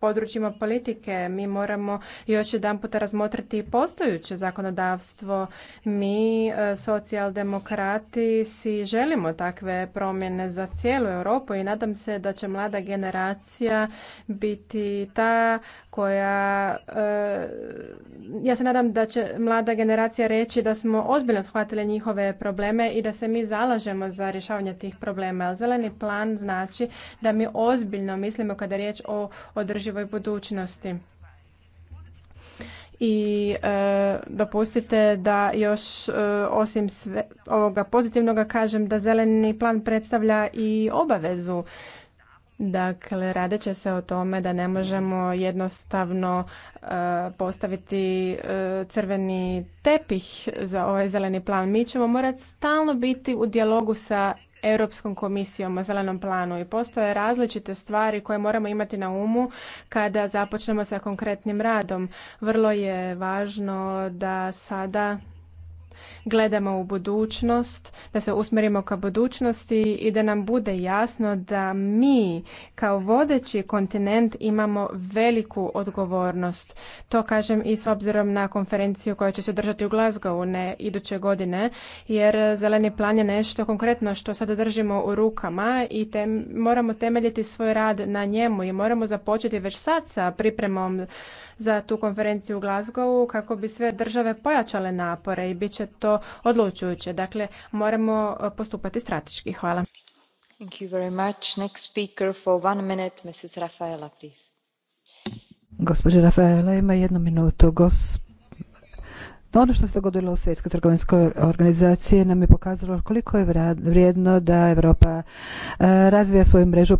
područjima politike. Mi moramo još jedan puta razmotriti postojuće zakonodavstvo. Mi, e, socijaldemokrati, si želimo takve promjene za cijelu Europu i nadam se da će mlada generacija biti ta koja... E, ja se nadam da će mlada generacija reći da smo ozbiljno shvatili njihove probleme i da se mi zalažemo za rješavanje tih problema. Zeleni plan znači da mi ozbiljno mislimo kada je riječ o održivosti održivoj budućnosti. I e, dopustite da još e, osim ovoga pozitivnoga kažem da zeleni plan predstavlja i obavezu. Dakle, radit će se o tome da ne možemo jednostavno e, postaviti crveni tepih za ovaj zeleni plan. Mi ćemo morati stalno biti u dijalogu sa Europskom komisijom o zelenom planu i postoje različite stvari koje moramo imati na umu kada započnemo sa konkretnim radom. Vrlo je važno da sada gledamo u budućnost, da se usmjerimo ka budućnosti i da nam bude jasno da mi kao vodeći kontinent imamo veliku odgovornost. To kažem i s obzirom na konferenciju koja će se držati u Glasgowu ne iduće godine, jer zeleni plan je nešto konkretno što sada držimo u rukama i moramo temeljiti svoj rad na njemu i moramo započeti već sad sa pripremom za tu konferenciju u Glasgowu kako bi sve države pojačale napore i bit će to odlučujuće. Dakle, moramo e, postupati strateški. Hvala. Thank you very much. Next speaker for one minute, Mrs. Rafaela, please. Gospođa Rafaela ima jednu minutu. Gospođa pa ono što se dogodilo u Svjetskoj trgovinskoj organizaciji nam je pokazalo koliko je vrijedno da Europa e, razvija svoju mrežu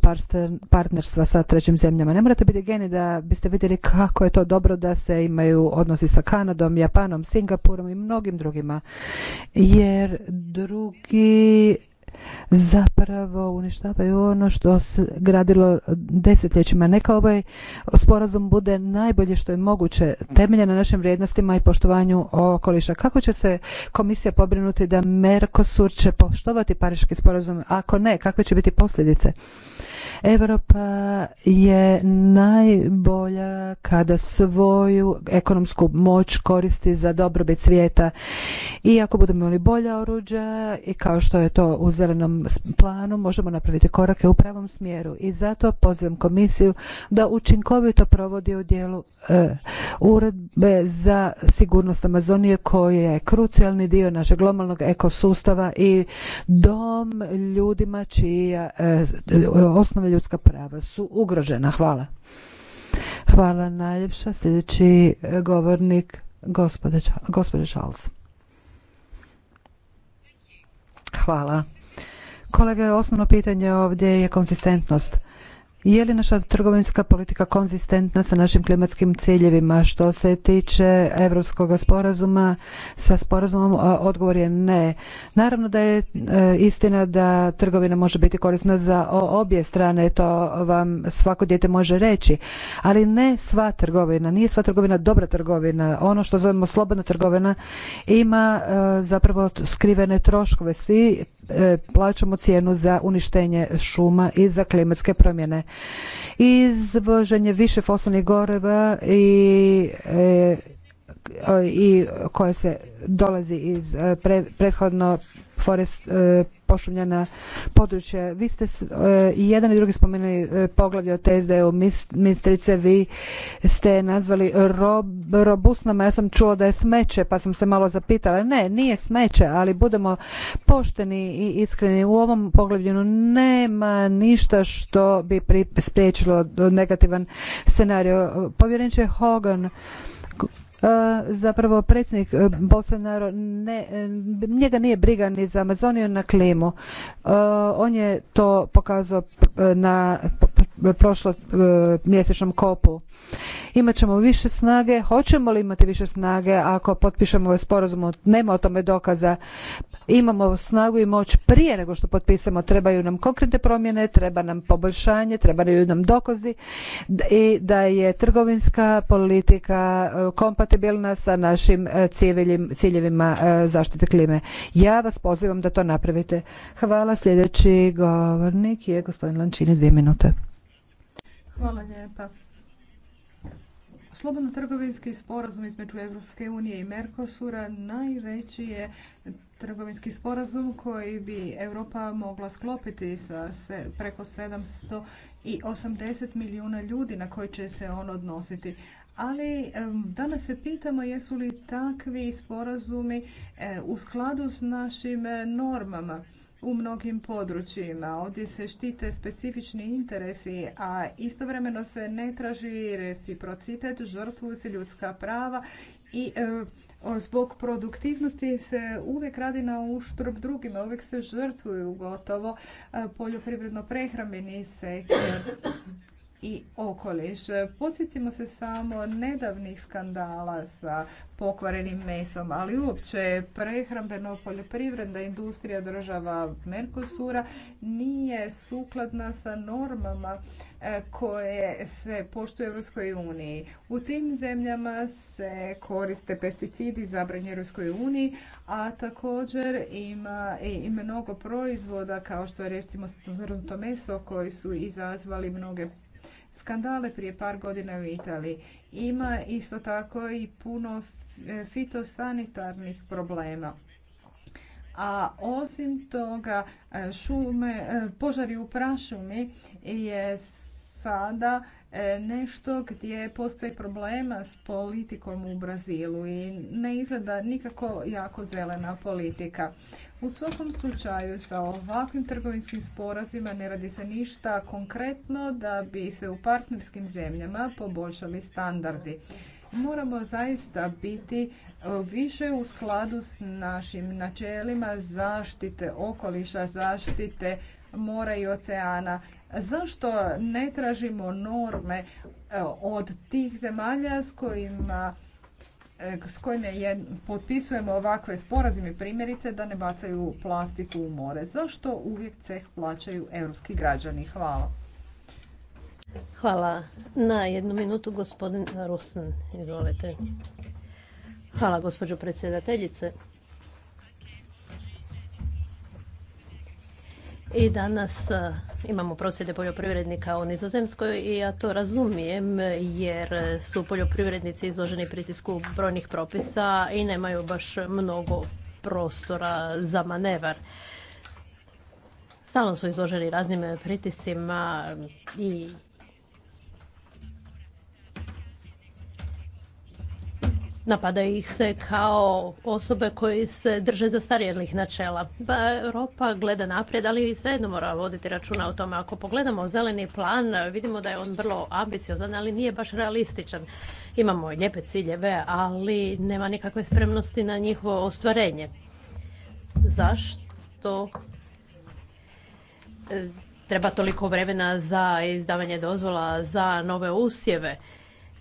partnerstva sa trećim zemljama. Ne morate biti geni da biste vidjeli kako je to dobro da se imaju odnosi sa Kanadom, Japanom, Singapurom i mnogim drugima. Jer drugi zapravo uništavaju ono što se gradilo desetljećima. Neka ovaj sporazum bude najbolje što je moguće temeljen na našim vrijednostima i poštovanju okoliša. Kako će se komisija pobrinuti da Merkosur će poštovati pariški sporazum? Ako ne, kakve će biti posljedice? Europa je najbolja kada svoju ekonomsku moć koristi za dobrobit svijeta i ako budemo imali bolja oruđa i kao što je to u nam planu možemo napraviti korake u pravom smjeru i zato pozivam komisiju da učinkovito provodi u dijelu e, uredbe za sigurnost Amazonije koja je krucijalni dio našeg globalnog ekosustava i dom ljudima čija e, osnove ljudska prava su ugrožena. Hvala. Hvala najljepša. Sljedeći e, govornik gospodin Charles. Hvala. Kolega, osnovno pitanje ovdje je konzistentnost. Je li naša trgovinska politika konzistentna sa našim klimatskim ciljevima? Što se tiče Evropskog sporazuma, sa sporazumom odgovor je ne. Naravno da je e, istina da trgovina može biti korisna za obje strane, to vam svako dijete može reći, ali ne sva trgovina, nije sva trgovina dobra trgovina. Ono što zovemo slobodna trgovina ima e, zapravo skrivene troškove. Svi e, plaćamo cijenu za uništenje šuma i za klimatske promjene izvoženje više fosilnih goreva i e, i koje se dolazi iz e, prethodno forest, e, ošuljena područja. Vi ste e, i jedan i drugi spomenuli e, poglavlje o TSD-u. Ministrice, vi ste nazvali rob, robustnom, ja sam čula da je smeće, pa sam se malo zapitala. Ne, nije smeće, ali budemo pošteni i iskreni. U ovom poglavlju nema ništa što bi spriječilo negativan scenario. Povjerenče Hogan, E, zapravo predsjednik e, Bolsonaro ne, e, njega nije briga ni za Amazoniju na klimu. On je to pokazao na E, prošlo e, mjesečnom kopu. ćemo više snage, hoćemo li imati više snage ako potpišemo ovaj sporazum, nema o tome dokaza. Imamo snagu i moć prije nego što potpisamo, trebaju nam konkretne promjene, treba nam poboljšanje, trebaju nam dokazi i da je trgovinska politika e, kompatibilna sa našim ciljevima zaštite klime. Ja vas pozivam da to napravite. Hvala. Sljedeći govornik je gospodin Lančini, dvije minute. Hvala lijepa. Slobodno trgovinski sporazum između Europske unije i Mercosura najveći je trgovinski sporazum koji bi Europa mogla sklopiti sa preko 780 milijuna ljudi na koji će se on odnositi. Ali danas se pitamo jesu li takvi sporazumi e, u skladu s našim e, normama u mnogim područjima. Ovdje se štite specifični interesi, a istovremeno se ne traži reciprocitet, žrtvuju se ljudska prava i e, zbog produktivnosti se uvijek radi na uštrb drugima, uvijek se žrtvuju gotovo e, poljoprivredno-prehrambeni sektor i okoliš. Podsjetimo se samo nedavnih skandala sa pokvarenim mesom, ali uopće prehrambeno poljoprivredna industrija država Merkosura nije sukladna sa normama e, koje se poštuju Europskoj uniji. U tim zemljama se koriste pesticidi zabranje Europskoj uniji, a također ima i mnogo proizvoda kao što je recimo meso koji su izazvali mnoge skandale prije par godina u Italiji. Ima isto tako i puno e, fitosanitarnih problema. A osim toga, e, šume, e, požari u prašumi je sada E, nešto gdje postoji problema s politikom u Brazilu i ne izgleda nikako jako zelena politika. U svakom slučaju sa ovakvim trgovinskim sporazima ne radi se ništa konkretno da bi se u partnerskim zemljama poboljšali standardi. Moramo zaista biti e, više u skladu s našim načelima zaštite okoliša, zaštite mora i oceana Zašto ne tražimo norme e, od tih zemalja s kojima e, s potpisujemo ovakve sporazime primjerice da ne bacaju plastiku u more. Zašto uvijek ceh plaćaju europski građani? Hvala. Hvala. Na jednu minutu gospodin Rusan, Izvolite. Hvala gospođo predsjedateljice. I danas e, imamo prosvjede poljoprivrednika u Nizozemskoj i ja to razumijem jer su poljoprivrednici izloženi pritisku brojnih propisa i nemaju baš mnogo prostora za manevar. Stalno su izloženi raznim pritiscima i Napada ih se kao osobe koje se drže zastarjelih načela. Pa Europa gleda naprijed, ali i svejedno mora voditi računa o tome. Ako pogledamo zeleni plan, vidimo da je on vrlo ambiciozan, ali nije baš realističan. Imamo lijepe ciljeve, ali nema nikakve spremnosti na njihovo ostvarenje. Zašto e, treba toliko vremena za izdavanje dozvola za nove usjeve?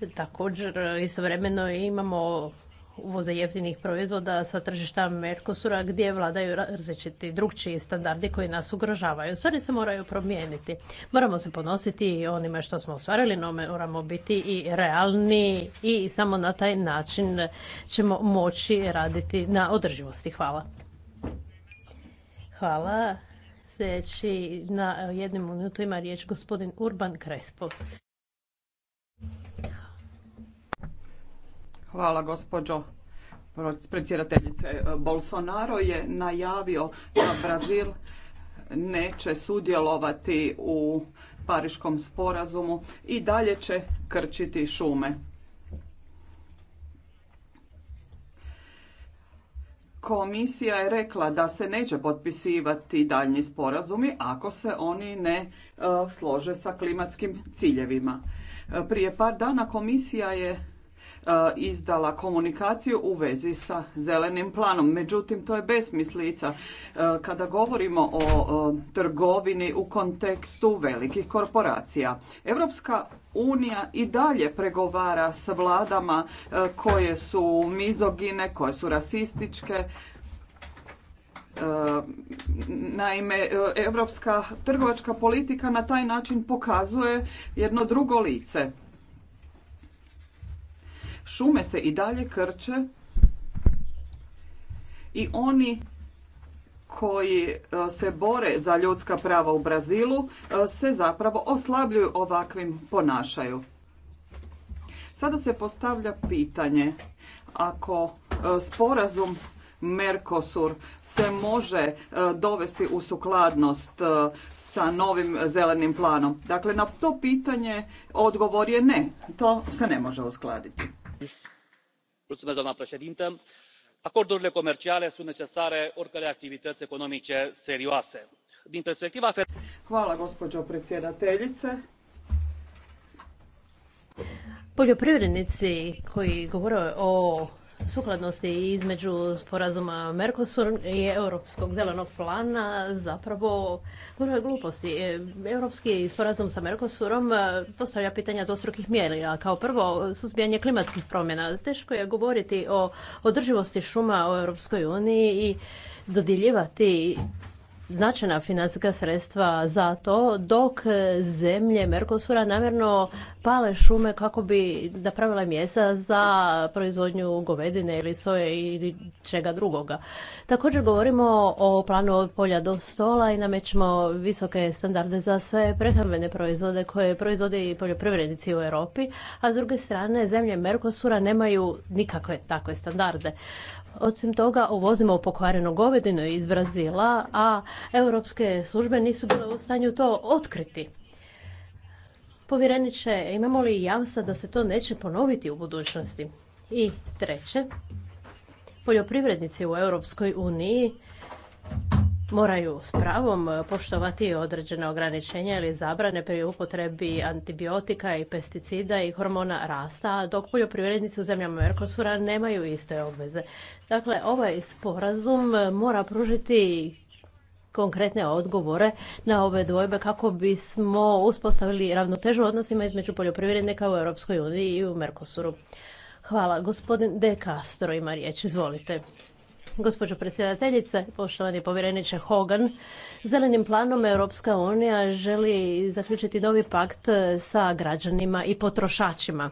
Također, istovremeno imamo uvoze jeftinih proizvoda sa tržišta Merkosura gdje vladaju različiti drugčiji standardi koji nas ugrožavaju. Stvari se moraju promijeniti. Moramo se ponositi i onime što smo ostvarili, no moramo biti i realni i samo na taj način ćemo moći raditi na održivosti. Hvala. Hvala. Sljedeći na jednu minutu ima riječ gospodin Urban Krespo. Hvala gospođo predsjedateljice. E, Bolsonaro je najavio da Brazil neće sudjelovati u Pariškom sporazumu i dalje će krčiti šume. Komisija je rekla da se neće potpisivati daljnji sporazumi ako se oni ne e, slože sa klimatskim ciljevima. E, prije par dana komisija je E, izdala komunikaciju u vezi sa zelenim planom. Međutim, to je besmislica. E, kada govorimo o trgovini u kontekstu velikih korporacija, Europska Unija i dalje pregovara s vladama e, koje su mizogine, koje su rasističke, Naime, europska trgovačka politika na taj način pokazuje jedno drugo lice. Šume se i dalje krče i oni koji e, se bore za ljudska prava u Brazilu e, se zapravo oslabljuju ovakvim ponašaju. Sada se postavlja pitanje ako e, sporazum Mercosur se može dovesti u sukladnost sa novim zelenim planom. Dakle, na to pitanje odgovor je ne. To se ne može uskladiti doamnă președintă acordurile comerciale sunt necesare oricărei activități economice serioase. din perspectiva. hvala gospođo predsjedateljice. poljoprivrednici koji govore o sukladnosti između sporazuma Mercosur i Europskog zelenog plana zapravo puno gluposti. E, Europski sporazum sa Mercosurom e, postavlja pitanja dvostrukih mjerila. Kao prvo, suzbijanje klimatskih promjena. Teško je govoriti o održivosti šuma u Europskoj uniji i dodjeljivati značajna financijska sredstva za to, dok zemlje Merkosura namjerno pale šume kako bi napravila mjesta za proizvodnju govedine ili soje ili čega drugoga. Također govorimo o planu od polja do stola i namećemo visoke standarde za sve prehrambene proizvode koje proizvode i poljoprivrednici u Europi, a s druge strane zemlje Merkosura nemaju nikakve takve standarde. Osim toga, uvozimo pokvareno govedinu iz Brazila, a europske službe nisu bile u stanju to otkriti. Povjereniče, imamo li jamstva da se to neće ponoviti u budućnosti? I treće, poljoprivrednici u Europskoj uniji moraju s pravom poštovati određene ograničenja ili zabrane pri upotrebi antibiotika i pesticida i hormona rasta, dok poljoprivrednici u zemljama Mercosura nemaju iste obveze. Dakle, ovaj sporazum mora pružiti konkretne odgovore na ove dvojbe kako bismo uspostavili ravnotežu odnosima između poljoprivrednika u Europskoj uniji i u Mercosuru. Hvala. Gospodin De Castro ima riječ. Izvolite. Gospođo predsjedateljice, poštovani povjereniče Hogan, zelenim planom Europska unija želi zaključiti novi pakt sa građanima i potrošačima.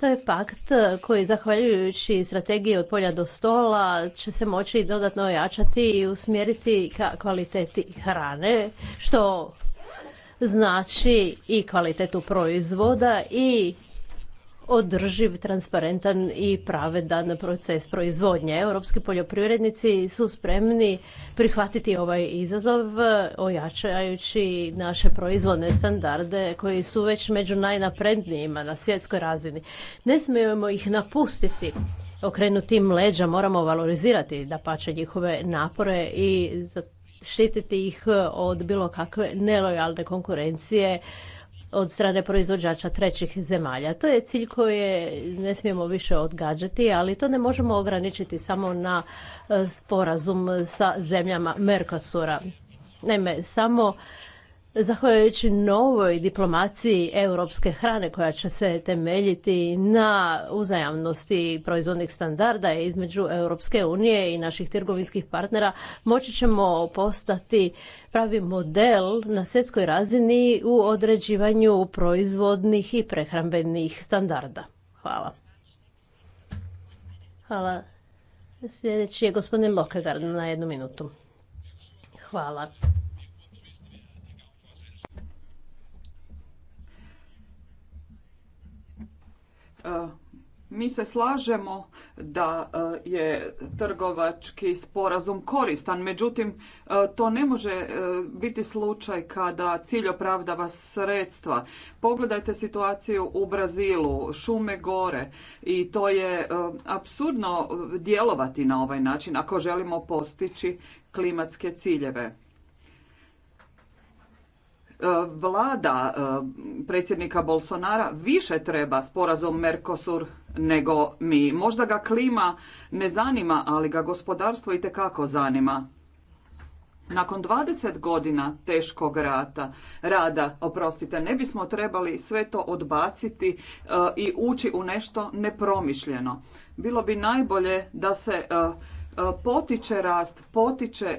To je pakt koji, zahvaljujući strategiji od polja do stola, će se moći dodatno ojačati i usmjeriti ka kvaliteti hrane, što znači i kvalitetu proizvoda i održiv, transparentan i pravedan proces proizvodnje. Europski poljoprivrednici su spremni prihvatiti ovaj izazov ojačajući naše proizvodne standarde koji su već među najnaprednijima na svjetskoj razini. Ne smijemo ih napustiti okrenuti im leđa, moramo valorizirati da pače njihove napore i štititi ih od bilo kakve nelojalne konkurencije od strane proizvođača trećih zemalja. To je cilj koji ne smijemo više odgađati, ali to ne možemo ograničiti samo na e, sporazum sa zemljama Mercosura. Naime, samo Zahvaljujući novoj diplomaciji europske hrane koja će se temeljiti na uzajamnosti proizvodnih standarda između Europske unije i naših trgovinskih partnera, moći ćemo postati pravi model na svjetskoj razini u određivanju proizvodnih i prehrambenih standarda. Hvala. Hvala. Sljedeći je gospodin Lokegard na jednu minutu. Hvala. E, mi se slažemo da e, je trgovački sporazum koristan, međutim e, to ne može biti slučaj kada cilj opravdava sredstva. Pogledajte situaciju u Brazilu, šume gore i to je apsurdno djelovati na ovaj način ako želimo postići klimatske ciljeve. E, vlada e, predsjednika Bolsonara više treba sporazum Mercosur nego mi. Možda ga klima ne zanima, ali ga gospodarstvo i tekako zanima. Nakon 20 godina teškog rata, rada, oprostite, ne bismo trebali sve to odbaciti e, i ući u nešto nepromišljeno. Bilo bi najbolje da se potiče rast, potiče